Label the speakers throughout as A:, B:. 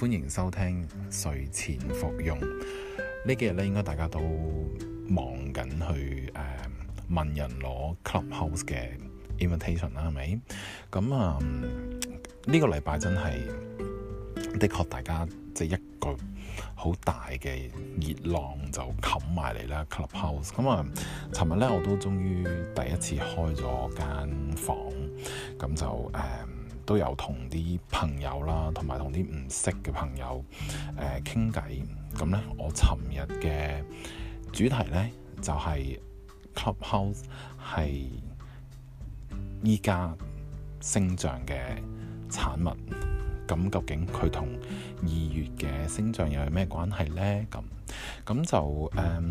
A: 歡迎收聽睡前服用。呢幾日咧，應該大家都忙緊去誒問人攞 Clubhouse 嘅 invitation 啦，係咪？咁、嗯、啊，呢、呢個禮拜真係的確，的確大家即係、就是、一句好大嘅熱浪就冚埋嚟啦。Clubhouse，咁啊，尋日咧我都終於第一次開咗間房，咁就誒。嗯都有同啲朋友啦，同埋同啲唔識嘅朋友誒傾偈。咁、呃、咧，我尋日嘅主題咧就係、是、Clubhouse 係依家星象嘅產物。咁究竟佢同二月嘅星象又係咩關係咧？咁咁就誒、呃，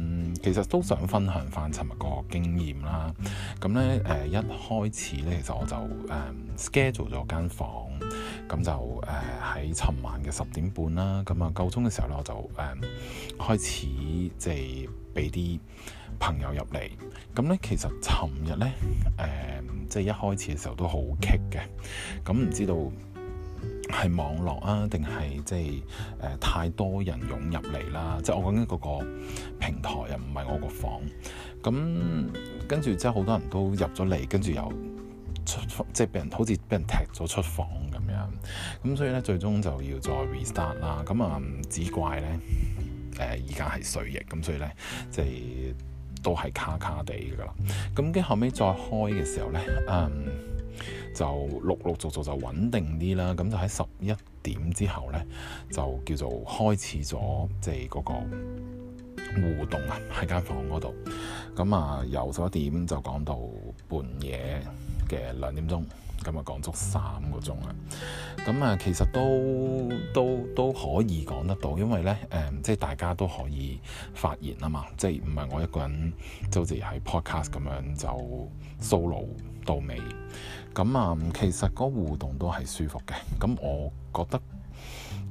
A: 其實都想分享翻尋日個經驗啦。咁咧誒，一開始咧，其實我就誒。呃 schedule 咗間房，咁就誒喺尋晚嘅十點半啦，咁啊夠鐘嘅時候咧，我就誒、呃、開始即係俾啲朋友入嚟。咁咧其實尋日咧誒即係一開始嘅時候都好棘嘅，咁唔知道係網絡啊定係即係誒太多人湧入嚟啦。即係我講緊嗰個平台又唔係我個房，咁跟住即係好多人都入咗嚟，跟住又。即係俾人好似俾人踢咗出房咁樣，咁所以咧最終就要再 restart 啦。咁、嗯、啊，只怪咧誒，而家係水液水逆咁，所以咧即係都係卡卡地噶啦。咁跟後尾再開嘅時候咧，嗯，就陸陸續續就穩定啲啦。咁、嗯、就喺十一點之後咧，就叫做開始咗即係嗰個互動啊，喺間房嗰度。咁、嗯、啊，由十一點就講到半夜，嘅兩點鐘，咁啊講足三個鐘啦。咁啊，其實都都都可以講得到，因為咧，誒、嗯，即係大家都可以發言啊嘛，即係唔係我一個人，就好似喺 podcast 咁樣就 solo 到尾。咁、嗯、啊，其實個互動都係舒服嘅。咁我覺得。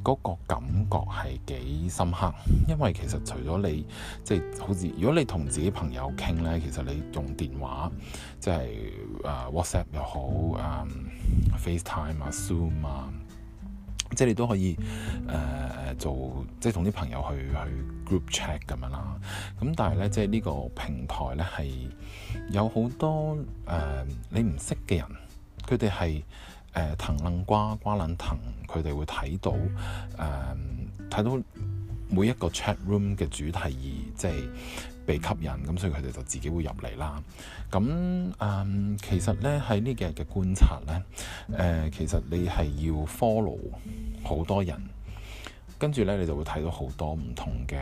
A: 嗰個感覺係幾深刻，因為其實除咗你即係好似，如果你同自己朋友傾咧，其實你用電話即係啊 WhatsApp 又好啊、 um, FaceTime 啊 Zoom 啊，即係你都可以誒、呃、做即係同啲朋友去去 group chat 咁樣啦。咁但係咧，即係呢個平台咧係有好多誒、呃、你唔識嘅人，佢哋係。呃、藤愣瓜瓜愣藤，佢哋會睇到誒睇、呃、到每一個 chat room 嘅主題而即係被吸引，咁所以佢哋就自己會入嚟啦。咁誒、呃、其實咧喺呢幾日嘅觀察咧，誒、呃、其實你係要 follow 好多人，跟住咧你就會睇到好多唔同嘅誒、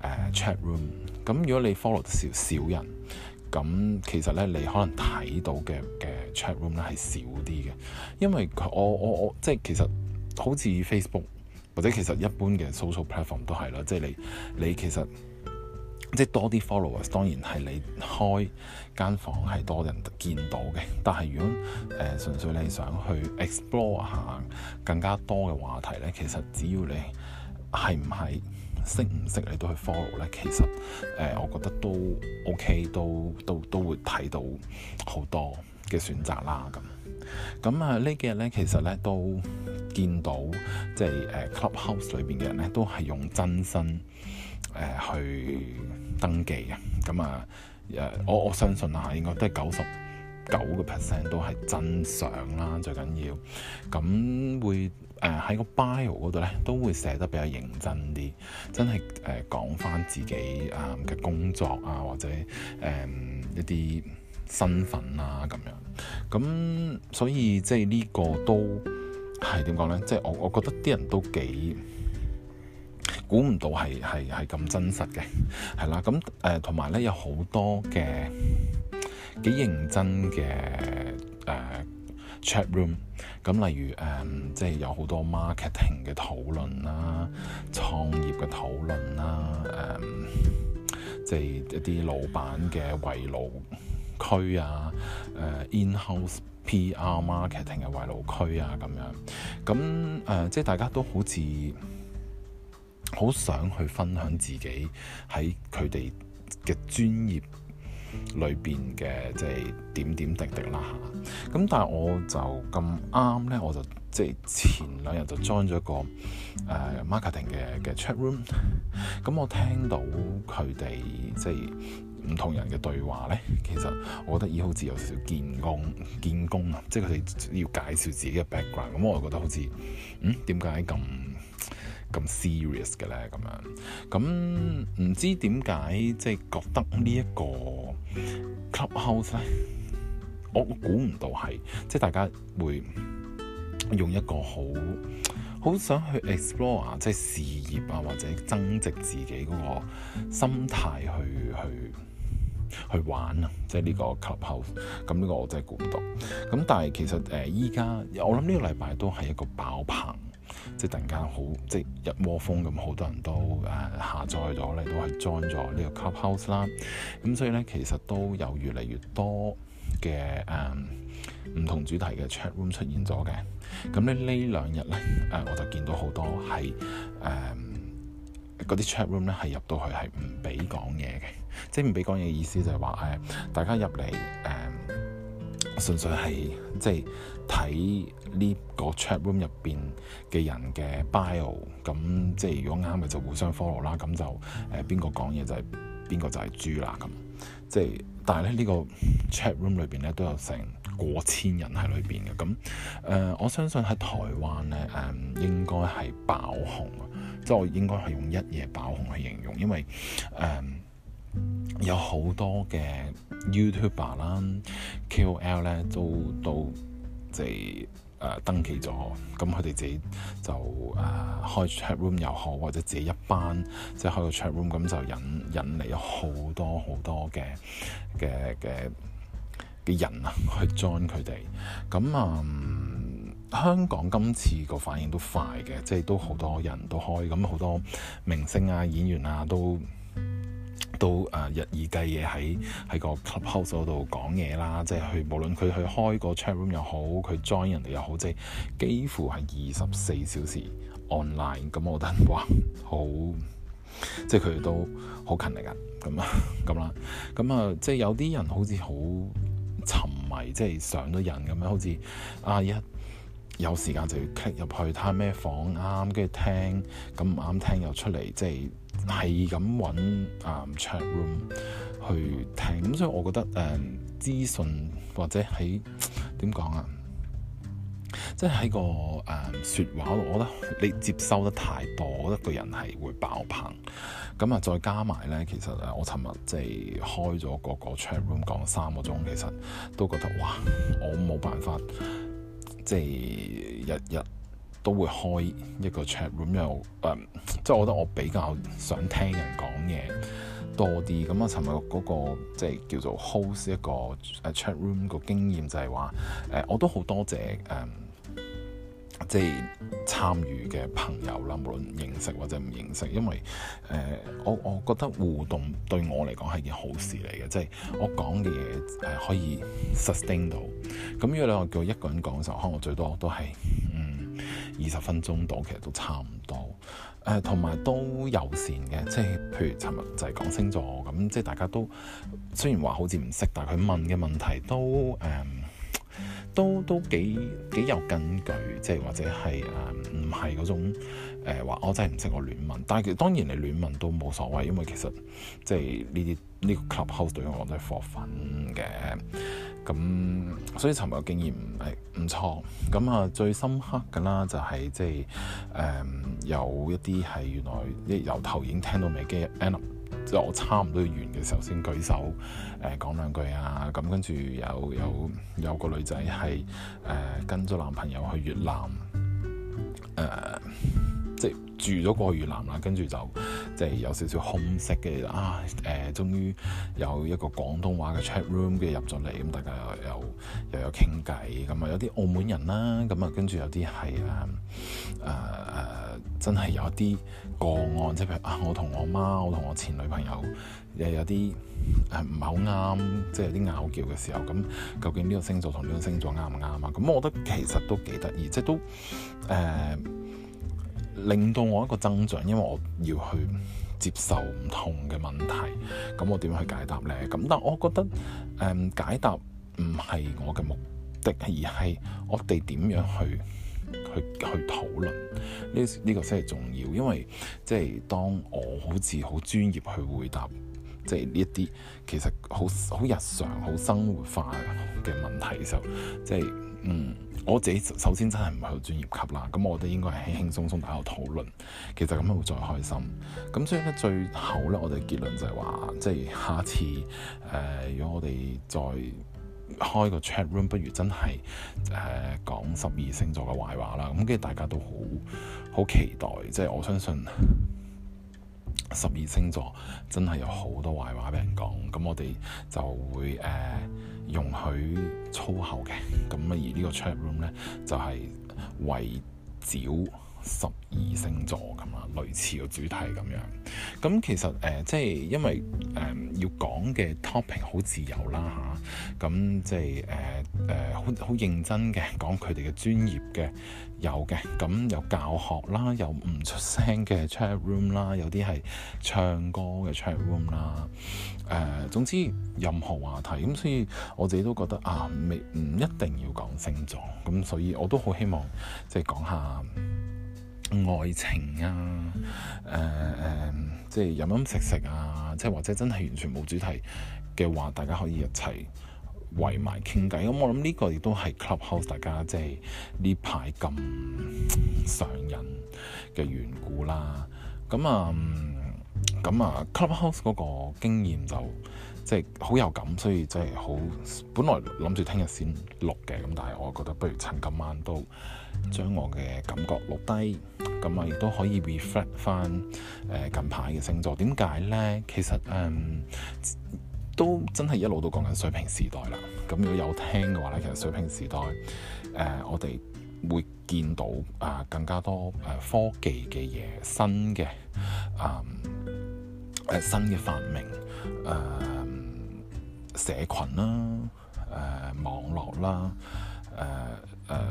A: 呃、chat room。咁如果你 follow 少少人，咁其實咧，你可能睇到嘅嘅 chat room 咧係少啲嘅，因為我我我即係其實好似 Facebook 或者其實一般嘅 social platform 都係咯，即係你你其實即係多啲 followers，當然係你開間房係多人見到嘅。但係如果誒、呃、純粹你想去 explore 下更加多嘅話題咧，其實只要你係唔係？識唔識你都去 follow 咧，其實誒、呃，我覺得都 OK，都都都會睇到好多嘅選擇啦。咁咁啊，幾呢幾日咧，其實咧都見到即係誒、呃、Clubhouse 裏邊嘅人咧，都係用真身誒、呃、去登記嘅。咁啊誒，我我相信啊，應該都係九十九個 percent 都係真相啦，最緊要咁會。誒喺、呃、個 bio 嗰度咧，都會寫得比較認真啲，真係誒講返自己誒嘅、呃、工作啊，或者誒、呃、一啲身份啊咁樣。咁所以即係呢個都係點講咧？即係我我覺得啲人都幾估唔到係係係咁真實嘅，係 啦。咁誒同埋咧有好多嘅幾認真嘅。Chatroom 咁，Chat room，例如誒、嗯，即係有好多 marketing 嘅討論啦，創業嘅討論啦，誒、嗯，即係一啲老闆嘅圍爐區啊，誒、嗯、in-house PR marketing 嘅圍爐區啊，咁樣，咁、嗯、誒，即係大家都好似好想去分享自己喺佢哋嘅專業裏邊嘅，即係點點滴滴啦嚇。咁但係我就咁啱咧，我就即係前兩日就裝咗個誒、呃、marketing 嘅嘅 chatroom。咁 Chat、 嗯、我聽到佢哋即係唔同人嘅對話咧，其實我覺得咦好似有少少見工見工啊！即係佢哋要介紹自己嘅 background。咁、嗯、我就覺得好似嗯點解咁咁 serious 嘅咧？咁樣咁唔、嗯、知點解即係覺得 Clubhouse 呢一個 Clubhouse 咧？我估唔到係即係大家會用一個好好想去 explore 啊，即係事業啊，或者增值自己嗰個心態去去去玩啊。即係呢個 clubhouse 咁呢個我真係估唔到。咁但係其實誒依家我諗呢個禮拜都係一個爆棚，即係突然間好即係一窩蜂咁好多人都誒下載咗咧，都係 join 咗呢個 clubhouse 啦。咁所以咧其實都有越嚟越多嘅誒唔同主題嘅 chat room 出現咗嘅，咁咧呢兩日咧誒、呃、我就見到好多係誒嗰啲 chat room 咧係入到去係唔俾講嘢嘅，即係唔俾講嘢嘅意思就係話誒大家入嚟誒純粹係即係睇呢個 chat room 入邊嘅人嘅 bio，咁即係如果啱嘅就互相 follow 啦，咁、呃、就誒邊個講嘢就係邊個就係豬啦咁。即係，但係咧呢個 chat room 裏邊咧都有成過千人喺裏邊嘅，咁誒、呃，我相信喺台灣咧，誒、呃，應該係爆紅啊，即係我應該係用一夜爆紅去形容，因為誒、呃、有好多嘅 YouTuber 啦、KOL 咧都都即係。誒登記咗，咁佢哋自己就誒、uh, 開 chat room 又好，或者自己一班即係、就是、開個 chat room，咁就引引嚟好多好多嘅嘅嘅嘅人啊去 join 佢哋。咁啊、嗯，香港今次個反應都快嘅，即、就、係、是、都好多人都開，咁好多明星啊、演員啊都。都誒日以繼夜喺喺個 clubhouse 度講嘢啦，即係去無論佢去開個 chatroom 又好，佢 join 人哋又好，即係幾乎係二十四小時 online。咁我覺得哇，好即係佢哋都好勤力㗎。咁啊，咁啦，咁啊，即係有啲人好似好沉迷，即係上咗癮咁樣，好似啊一。有時間就要 click 入去睇下咩房啱，跟、嗯、住聽，咁唔啱聽又出嚟，即係係咁揾啊 chat room 去聽。咁所以我覺得誒、嗯、資訊或者喺點講啊，即係喺個誒説、嗯、話度，我覺得你接收得太多，我覺得個人係會爆棚。咁啊，再加埋咧，其實誒我尋日即係開咗個個 chat room 講三個鐘，其實都覺得哇，我冇辦法。即係、就是、日日都會開一個 chat room 又誒，即、呃、係、就是、我覺得我比較想聽人講嘢多啲。咁、嗯、啊，尋日嗰個即係、就是、叫做 host 一個誒 chat room 個經驗就係話誒，我都好多謝誒。呃即係參與嘅朋友啦，無論認識或者唔認識，因為誒、呃，我我覺得互動對我嚟講係件好事嚟嘅，即係我講嘅嘢係可以 sustain 到。咁如果你話叫我一個人講嘅時候，可能我最多我都係嗯二十分鐘到，其實都差唔多。誒、呃，同埋都友善嘅，即係譬如尋日就係講星座，咁即係大家都雖然話好似唔識，但係佢問嘅問題都誒。呃都都幾幾有根據，即係或者係誒，唔係嗰種誒話。呃、我真係唔識，我亂問。但係其實當然你亂問都冇所謂，因為其實即係呢啲呢個 Clubhouse 對我都係貨粉嘅。咁所以尋日嘅經驗係唔錯。咁啊，最深刻嘅啦就係、是、即係誒、呃、有一啲係原來即係由頭已經聽到尾嘅 end。Anna, 即係我差唔多完嘅時候先舉手，誒、呃、講兩句啊！咁跟住有有有個女仔係誒跟咗男朋友去越南，誒、呃、即係住咗過去越南啦，跟住就。即係有少少空隙嘅啊，誒、呃，終於有一個廣東話嘅 chat room 嘅入咗嚟，咁大家又又又有傾偈，咁啊有啲、嗯、澳門人啦，咁啊跟住有啲係誒誒誒，真係有啲個案，即係譬如啊，我同我媽，我同我前女朋友又有啲誒唔係好啱，即係有啲拗撬嘅時候，咁、嗯、究竟呢個星座同呢個星座啱唔啱啊？咁、嗯、我覺得其實都幾得意，即係都誒。呃令到我一個增長，因為我要去接受唔同嘅問題，咁我點樣去解答呢？咁但我覺得，誒、嗯、解答唔係我嘅目的，而係我哋點樣去去去討論呢？呢、呢個先係、呢個、重要，因為即係、即係、當我好似好專業去回答，即係呢一啲其實好好日常、好生活化嘅問題嘅時候，即係。即係嗯，我自己首先真係唔係好專業級啦，咁我覺得應該係輕輕鬆鬆大家討論，其實咁樣會再開心。咁所以咧最後咧，我哋結論就係話，即係下次誒、呃，如果我哋再開個 chat room，不如真係誒、呃、講十二星座嘅壞話啦。咁跟住大家都好好期待，即係我相信。十二星座真係有好多壞話俾人講，咁我哋就會誒、呃、容許粗口嘅，咁而個呢個 chat room 咧就係、是、圍剿。十二星座咁啊，類似個主題咁樣。咁其實誒、呃，即係因為誒、呃、要講嘅 topic 好自由啦嚇。咁、啊、即係誒誒，好好認真嘅講佢哋嘅專業嘅有嘅。咁有教學啦，有唔出聲嘅 chat room 啦，有啲係唱歌嘅 chat room 啦。誒、呃，總之任何話題咁，所以我自己都覺得啊，未唔一定要講星座咁，所以我都好希望即係講下。愛情啊，誒、呃、誒、呃，即係飲飲食食啊，即係或者真係完全冇主題嘅話，大家可以一齊圍埋傾偈。咁、嗯、我諗呢個亦都係 Clubhouse 大家即係呢排咁上癮嘅緣故啦。咁啊，咁啊，Clubhouse 嗰個經驗就～即係好有感，所以即係好。本來諗住聽日先錄嘅，咁但係我覺得不如趁今晚都將我嘅感覺錄低，咁啊亦都可以 reflect 翻誒近排嘅星座。點解咧？其實誒、嗯、都真係一路都講緊水平時代啦。咁如果有聽嘅話咧，其實水瓶時代誒、呃，我哋會見到啊、呃、更加多誒科技嘅嘢，新嘅誒、嗯、新嘅發明誒。呃社群啦，誒、呃、網絡啦，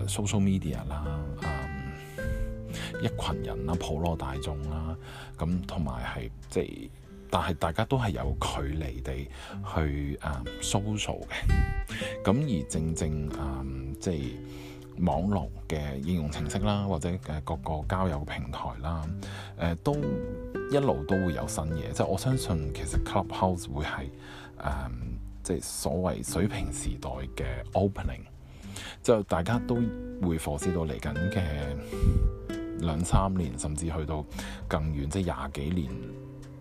A: 誒誒 social media 啦，嗯、呃，一群人啦，普羅大眾啦，咁同埋係即係，但係大家都係有距離地去誒 social 嘅，咁、呃、而正正誒、呃、即係網絡嘅應用程式啦，或者誒各個交友平台啦，誒、呃、都一路都會有新嘢，即係我相信其實 Clubhouse 會係誒。呃即係所謂水瓶時代嘅 opening，就大家都會 foresight 到嚟緊嘅兩三年，甚至去到更遠，即係廿幾年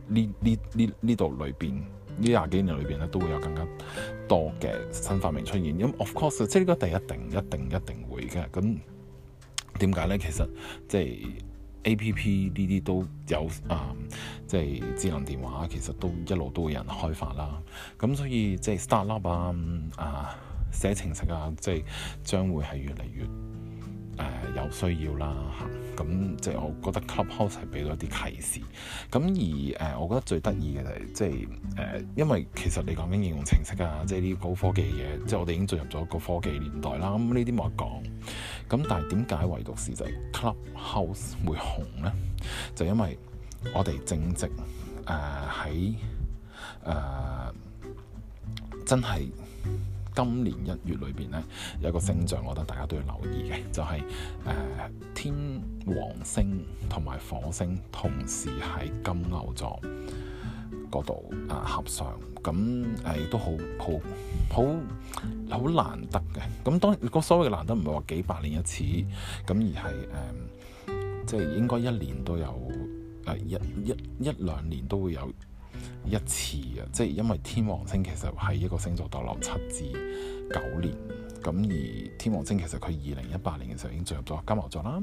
A: 呢？呢呢呢度裏邊呢廿幾年裏邊咧，都會有更加多嘅新發明出現。咁 of course，即係呢個地一定一定一定會嘅。咁點解咧？其實即係。A.P.P. 呢啲都有啊，即、嗯、係、就是、智能電話，其實都一路都有人開發啦。咁所以即係、就是、start up 啊，啊寫程式啊，即、就、係、是、將會係越嚟越。誒、呃、有需要啦嚇，咁、啊、即係我覺得 Clubhouse 係俾咗啲啟示，咁而誒、呃，我覺得最得意嘅就係、是、即係誒、呃，因為其實你講緊應用程式啊，即係啲高科技嘅嘢，即係我哋已經進入咗個科技年代啦。咁呢啲冇話講，咁但係點解唯獨是就係 Clubhouse 會紅咧？就因為我哋正值誒喺誒真係。今年一月裏邊呢，有一個星象，我覺得大家都要留意嘅、uh，就係誒天王星同埋火星同時喺金牛座嗰度啊合上，咁誒都好好好好難得嘅。咁當嗰所謂嘅難得唔係話幾百年一次，咁而係誒、uh、即係應該一年都有，誒一一一,一兩年都會有，一次啊，即係因為天王星其實係一個星座逗留七至九年，咁而天王星其實佢二零一八年嘅時候已經進入咗金牛座啦，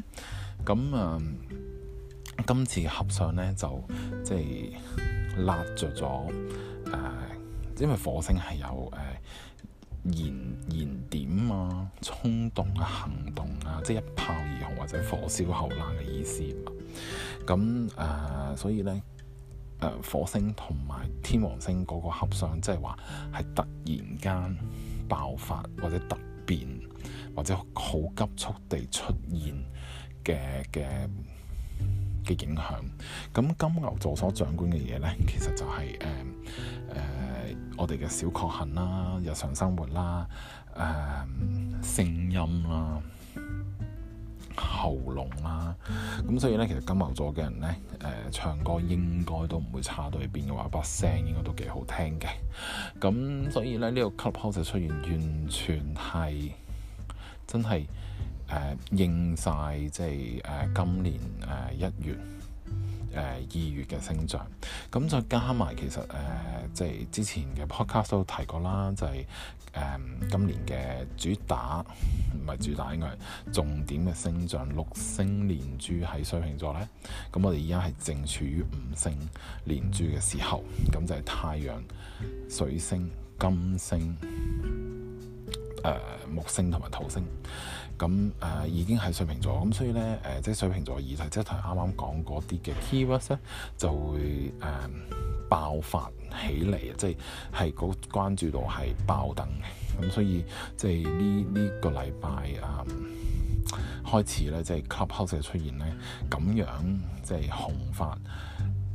A: 咁啊、呃，今次合上呢，就即係辣着咗誒、呃，因為火星係有誒、呃、燃燃點啊、衝動啊、行動啊，即係一炮而紅或者火燒後冷嘅意思，咁誒、呃，所以呢。火星同埋天王星嗰個合相，即係話係突然間爆發或者突變，或者好急速地出現嘅嘅嘅影響。咁金牛座所掌管嘅嘢呢，其實就係、是、誒、呃呃、我哋嘅小確幸啦、日常生活啦、誒、呃、聲音啦。喉嚨啦，咁、啊、所以咧，其實金牛座嘅人咧，誒、呃、唱歌應該都唔會差到去邊嘅話，把聲應該都幾好聽嘅。咁所以咧，呢、這個 Clubhouse 就出現，完全係真係誒、呃、應晒，即係誒、呃、今年誒一、呃、月。誒二月嘅星象，咁再加埋其實誒，即、呃、係、就是、之前嘅 podcast 都提過啦，就係、是、誒、呃、今年嘅主打唔係主打，應該係重點嘅星象。六星連珠喺水瓶座咧。咁我哋而家係正處於五星連珠嘅時候，咁就係太陽、水星、金星。誒、呃，木星同埋土星，咁、嗯、誒、嗯、已經係水瓶座，咁所以咧，誒即係水瓶座二，即係啱啱講嗰啲嘅 keywords 咧，就會誒、嗯、爆發起嚟，即係係嗰關注到係爆燈嘅，咁、嗯、所以即係呢呢個禮拜誒、嗯、開始咧，即係 Clubhouse 出現咧，咁樣即係紅髮。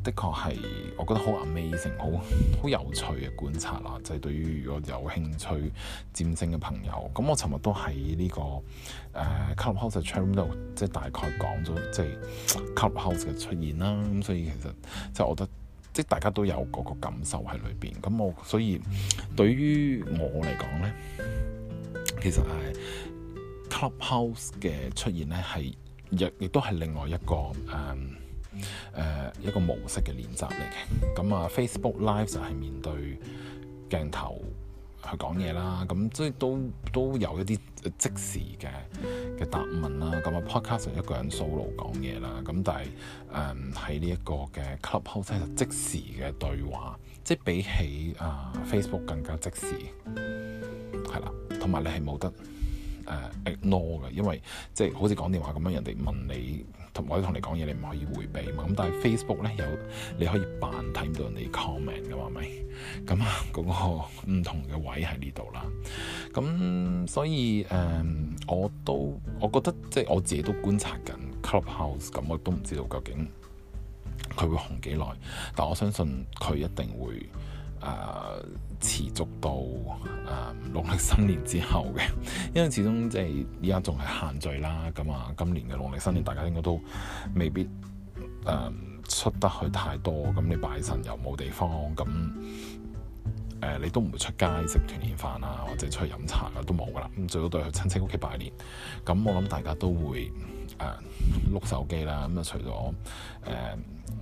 A: 的確係，我覺得好 amazing，好好有趣嘅觀察啦。就係、是、對於如果有興趣占星嘅朋友，咁我尋日都喺呢、這個誒 Clubhouse 嘅 chamber 度，呃、io，即係大概講咗，即、就、係、是、Clubhouse 嘅出現啦。咁所以其實即係、就是、我覺得，即係大家都有嗰個感受喺裏邊。咁我所以對於我嚟講咧，其實誒、呃、Clubhouse 嘅出現咧，係亦亦都係另外一個誒。呃誒、呃，一個模式嘅練習嚟嘅，咁啊 Facebook Live 就係面對鏡頭去講嘢啦，咁即係都都有一啲即時嘅嘅答問啦，咁啊 Podcast 一個人 solo 講嘢啦，咁但係誒喺呢一個嘅 Clubhouse 即時嘅對話，即係比起啊、呃、Facebook 更加即時，係啦，同埋你係冇得。誒、uh, ignore 嘅，因為即係好似講電話咁樣，人哋問你同或者同你講嘢，你唔可以迴避嘛。咁但係 Facebook 咧有，你可以扮睇到人哋 comment 嘅嘛，係咪？咁、嗯、啊，嗰、那個唔同嘅位喺呢度啦。咁、嗯、所以誒、嗯，我都我覺得即係我自己都觀察緊 Clubhouse，咁我都唔知道究竟佢會紅幾耐，但我相信佢一定會誒，呃持續到誒農曆新年之後嘅，因為始終即係依家仲係限聚啦，咁、嗯、啊今年嘅農曆新年大家應該都未必誒、呃、出得去太多，咁你拜神又冇地方，咁誒、呃、你都唔會出街食團年飯啊，或者出去飲茶啊都冇噶啦，咁最多對去親戚屋企拜年，咁、嗯、我諗大家都會誒碌、呃、手機啦，咁、嗯、啊除咗誒、呃、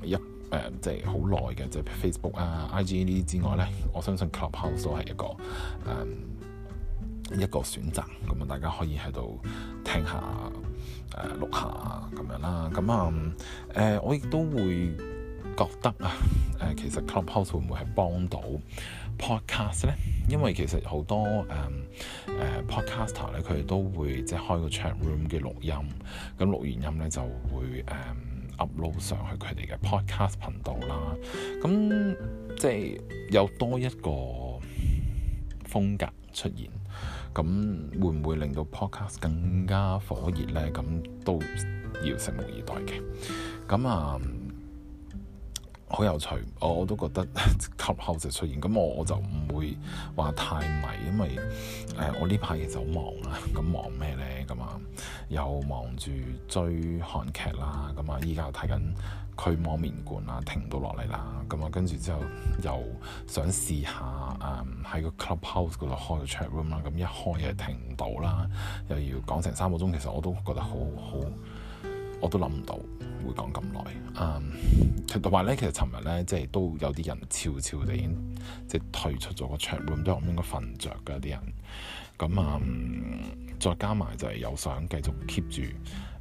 A: 一。誒、呃，即係好耐嘅，即係 Facebook 啊、IG 呢啲之外咧，我相信 Clubhouse 都係一個誒、嗯、一個選擇，咁啊，大家可以喺度聽下、誒、呃、錄下咁樣啦。咁啊，誒、呃、我亦都會覺得啊，誒其實 Clubhouse 會唔會係幫到 Podcast 咧？因為其實好多誒誒 Podcaster 咧，佢、嗯、哋、呃、都會即係開個 chat room 嘅錄音，咁錄完音咧就會誒。嗯路上去佢哋嘅 podcast 頻道啦，咁即係有多一個風格出現，咁會唔會令到 podcast 更加火熱咧？咁都要拭目以待嘅。咁啊～好有趣，我都覺得 clubhouse 出現，咁我就唔會話太迷，因為誒我呢排嘢就好忙啦，咁忙咩呢？咁啊，又忙住追韓劇啦，咁啊依家睇緊《驅魔麵館》啦，停到落嚟啦，咁啊跟住之後又想試下誒喺個 clubhouse 嗰度開個 chat room 啦，咁一開又停唔到啦，又要講成三個鐘，其實我都覺得好好，好。我都諗唔到會講咁耐，嗯，同埋咧，其實尋日咧即係都有啲人悄悄地已經即係退出咗個 chatroom 都係我應該瞓着嘅啲人，咁啊，再加埋就係有想繼續 keep 住誒、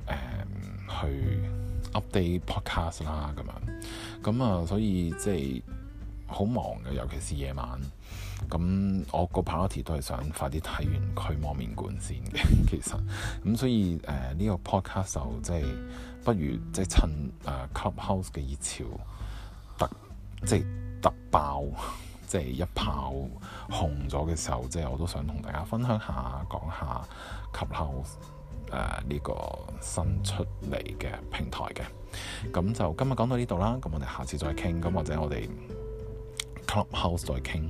A: 嗯、去 update podcast 啦咁樣，咁啊，所以即係好忙嘅，尤其是夜晚。咁我個 party 都係想快啲睇完佢摸面冠先嘅。其實咁，所以誒呢、呃這個 podcast 就即係不如即係趁誒、呃、Clubhouse 嘅熱潮突即係突爆，即係一炮紅咗嘅時候，即係我都想同大家分享下，講下 Clubhouse 誒、呃、呢、這個新出嚟嘅平台嘅。咁就今日講到呢度啦，咁我哋下次再傾，咁或者我哋 Clubhouse 再傾。